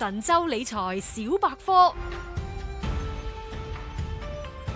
神州理財小百科。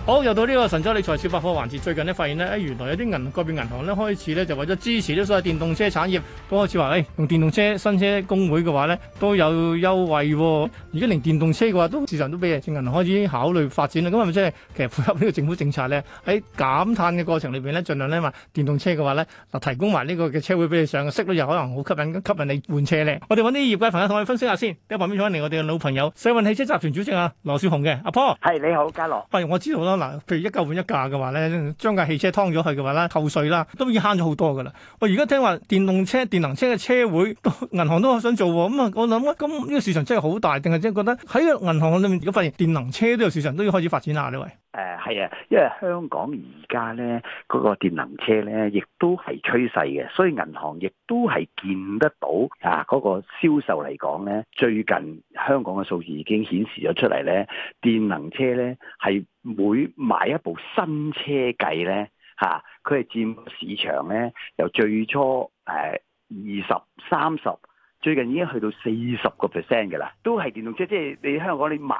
好，又到呢個神州理財小百科環節，最近呢，發現呢，誒、哎、原來有啲銀個別銀行咧開始咧就為咗支持呢啲所謂電動車產業，都開始話誒、哎、用電動車、新車公會嘅話咧都有優惠，哦。而家連電動車嘅話都市場都俾人啲銀行開始考慮發展啦。咁係咪即係其實符合呢個政府政策咧？喺減碳嘅過程裏邊咧，儘量咧話電動車嘅話咧嗱提供埋呢個嘅車會俾你上，息率又可能好吸引，吸引你換車咧。我哋揾啲業界朋友同我哋分析下先。一旁邊坐緊嚟，我哋嘅老朋友世運汽車集團主席啊，羅少雄嘅阿婆。係，你好，嘉樂。係，我知道啦。嗱，譬如一舊換一架嘅話咧，將架汽車㓥咗去嘅話啦，扣稅啦，都已經慳咗好多噶啦。我而家聽話電動車、電能車嘅車會，銀行都好想做，咁啊，我諗咧，咁呢個市場真係好大，定係即係覺得喺銀行裏面，如果發現電能車呢個市場，都要開始發展啦，呢位？誒係啊，因為香港而家呢嗰個電能車呢亦都係趨勢嘅，所以銀行亦都係見得到啊嗰個銷售嚟講呢，最近香港嘅數字已經顯示咗出嚟呢電能車呢係每買一部新車計呢，嚇，佢係佔市場呢由最初誒二十三十。最近已經去到四十個 percent 嘅啦，都係電動車，即係你香港你買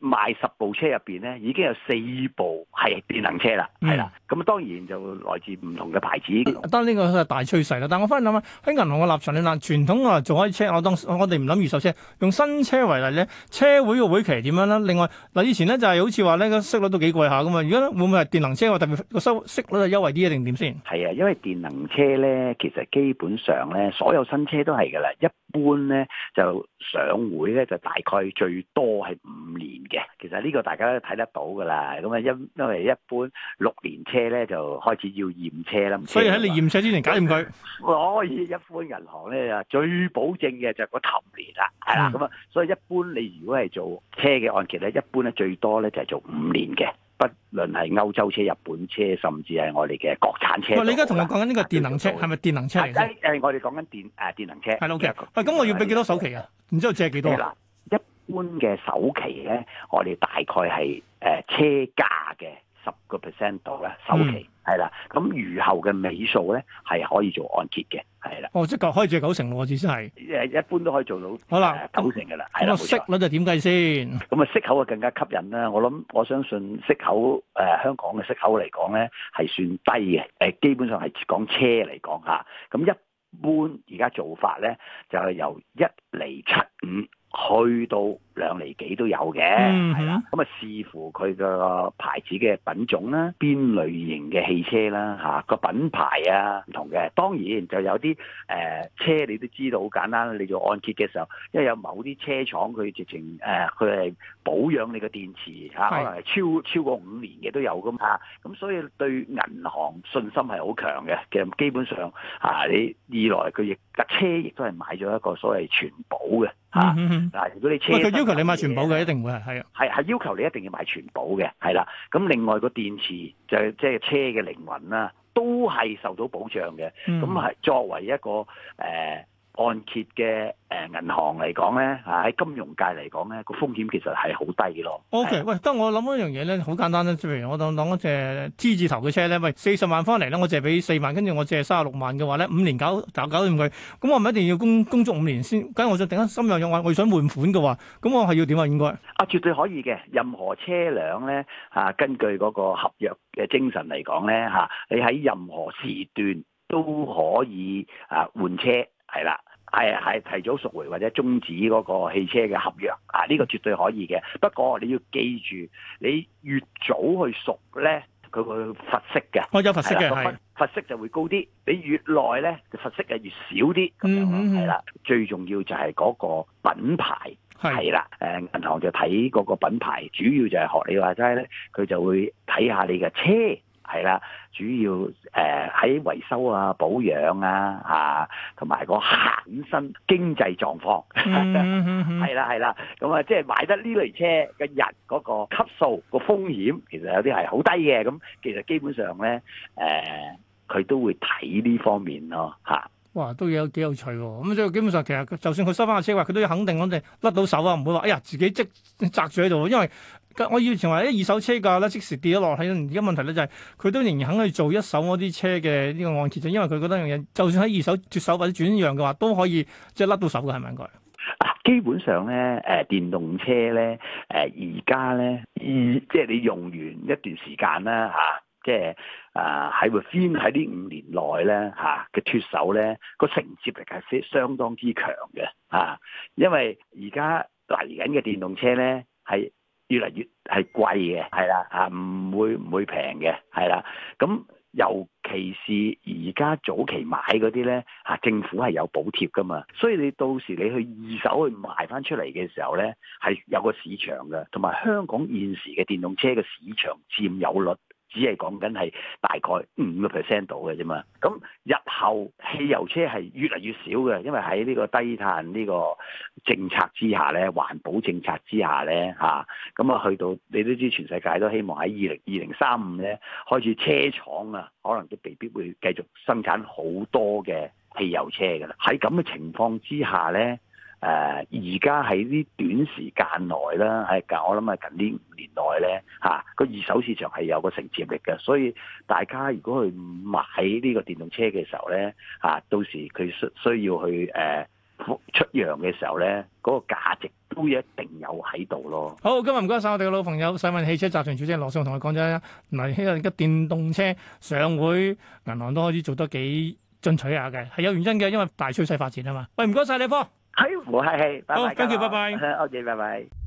賣十部車入邊咧，已經有四部係電能車啦，係啦、嗯。咁當然就來自唔同嘅牌子。當呢個係大趨勢啦。但係我翻去諗下，喺銀行嘅立場咧，嗱，傳統啊做開車，我當我哋唔諗二手車，用新車為例咧，車會嘅會期點樣啦？另外嗱，以前咧就係好似話呢個息率都幾貴下咁嘛。如果會唔會係電能車話特別個收息率優惠啲啊？定點先？係啊，因為電能車咧，其實基本上咧，所有新車都係嘅啦，一。一般咧就上會咧就大概最多係五年嘅。其實呢個大家都睇得到噶啦，咁啊因因為一般六年車咧就開始要驗車啦，車所以喺你驗車之前搞掂佢。所以 一般銀行咧最保證嘅就係個頭年啦，係啦，咁啊，所以一般你如果係做車嘅按揭咧，一般咧最多咧就係、是、做五年嘅。不論係歐洲車、日本車，甚至係我哋嘅國產車、啊。你而家同我講緊呢個電能車，係咪、啊就係、電能車？係誒、啊，我哋講緊電誒、啊、電能車。係，ok。咁、啊、我要俾幾多首期啊？然之後借幾多少、啊？嗱，一般嘅首期咧，我哋大概係誒、呃、車價嘅十個 percent 度啦。首期、嗯。係啦，咁餘後嘅尾數咧係可以做按揭嘅，係啦。哦，即係可以做九成，我意思係誒，一般都可以做到。好啦了，九、呃、成噶啦，係啦、嗯。息率，就點計先？咁啊，息口啊更加吸引啦。我諗，我相信息口誒、呃，香港嘅息口嚟講咧係算低嘅，誒、呃，基本上係講車嚟講吓。咁一般而家做法咧就係、是、由一厘七五。去到兩厘幾都有嘅，係啦、嗯。咁啊，視乎佢個牌子嘅品種啦，邊類型嘅汽車啦，嚇個品牌啊唔同嘅。當然就有啲誒、呃、車，你都知道好簡單啦。你做按揭嘅時候，因為有某啲車廠佢直情誒，佢、啊、係保養你嘅電池嚇，可能係超超過五年嘅都有噶嘛。咁、啊、所以對銀行信心係好強嘅，其實基本上、啊、你二來佢亦架車亦都係買咗一個所謂全保嘅。嚇嗱、啊！如果你車，佢要求你買全保嘅，一定會係係係要求你一定要買全保嘅，係啦。咁另外個電池就係即係車嘅靈魂啦，都係受到保障嘅。咁係、嗯、作為一個誒。呃按揭嘅誒銀行嚟講咧，喺金融界嚟講咧，個風險其實係好低嘅咯。OK，的喂，當我諗一樣嘢咧，好簡單咧。譬如我當講嗰隻 T 字頭嘅車咧，喂，四十萬翻嚟咧，我借俾四萬，跟住我借三十六萬嘅話咧，五年搞就搞掂佢。咁我唔一定要供供足五年先。咁我就定咗心有用我。我想換款嘅話，咁我係要點啊？應該啊，絕對可以嘅。任何車輛咧，嚇、啊，根據嗰個合約嘅精神嚟講咧，嚇、啊，你喺任何時段都可以啊換車。係啦，係係提早贖回或者終止嗰個汽車嘅合約，啊呢、這個絕對可以嘅。不過你要記住，你越早去贖咧，佢會罰息嘅，有罰息嘅係，罰息了的就會高啲。你越耐咧，個罰息係越少啲。嗯嗯哼嗯，係啦。最重要就係嗰個品牌係啦，誒是銀行就睇嗰個品牌，主要就係學你話齋咧，佢就會睇下你嘅車。係啦，主要誒喺、呃、維修啊、保養啊嚇，同、啊、埋個限生經濟狀況，係啦係啦，咁啊，即係、嗯就是、買得呢類車嘅人嗰個級數、那個風險，其實有啲係好低嘅。咁、嗯、其實基本上咧，誒、呃、佢都會睇呢方面咯嚇。哇，都有幾有趣喎！咁所以基本上其實，就算佢收翻架車，佢都要肯定我哋甩到手啊，唔會話哎呀自己即砸住喺度，因為。我以前話啲二手車價咧，即時跌咗落去，而家問題咧就係佢都仍然肯去做一手嗰啲車嘅呢個按揭，就因為佢覺得樣嘢，就算喺，二手脱手或者轉讓嘅話，都可以即係甩到手嘅，係咪應該？啊，基本上咧，誒，電動車咧，誒、呃，而家咧，即係你用完一段時間啦，吓、啊，即係啊，喺會先喺呢五年內咧，吓、啊、嘅脱手咧，個承接力係相相當之強嘅，啊，因為而家嚟緊嘅電動車咧係。是越嚟越係貴嘅，係啦嚇，啊，唔會唔會平嘅，係啦。咁、啊、尤其是而家早期買嗰啲咧嚇，政府係有補貼㗎嘛，所以你到時你去二手去賣翻出嚟嘅時候咧，係有個市場嘅，同埋香港現時嘅電動車嘅市場佔有率。只係講緊係大概五個 percent 度嘅啫嘛，咁日後汽油車係越嚟越少嘅，因為喺呢個低碳呢個政策之下咧，環保政策之下咧吓，咁啊，去到你都知全世界都希望喺二零二零三五咧開始車廠啊，可能都未必會繼續生產好多嘅汽油車㗎啦。喺咁嘅情況之下咧。誒而家喺呢短時間內啦，係我諗係近呢五年內咧，嚇、啊、個二手市場係有個承接力嘅。所以大家如果去買呢個電動車嘅時候咧，嚇、啊、到時佢需需要去誒、啊、出讓嘅時候咧，嗰、那個價值都一定有喺度咯。好，今日唔該晒我哋嘅老朋友，世運汽車集團主席羅生同我講咗啦。嗱，因為家電動車上會銀行都開始做得幾進取下嘅，係有原因嘅，因為大趨勢發展啊嘛。喂，唔該晒你。科。係，冇客氣，拜拜，好，thank you，拜拜，ok，拜拜。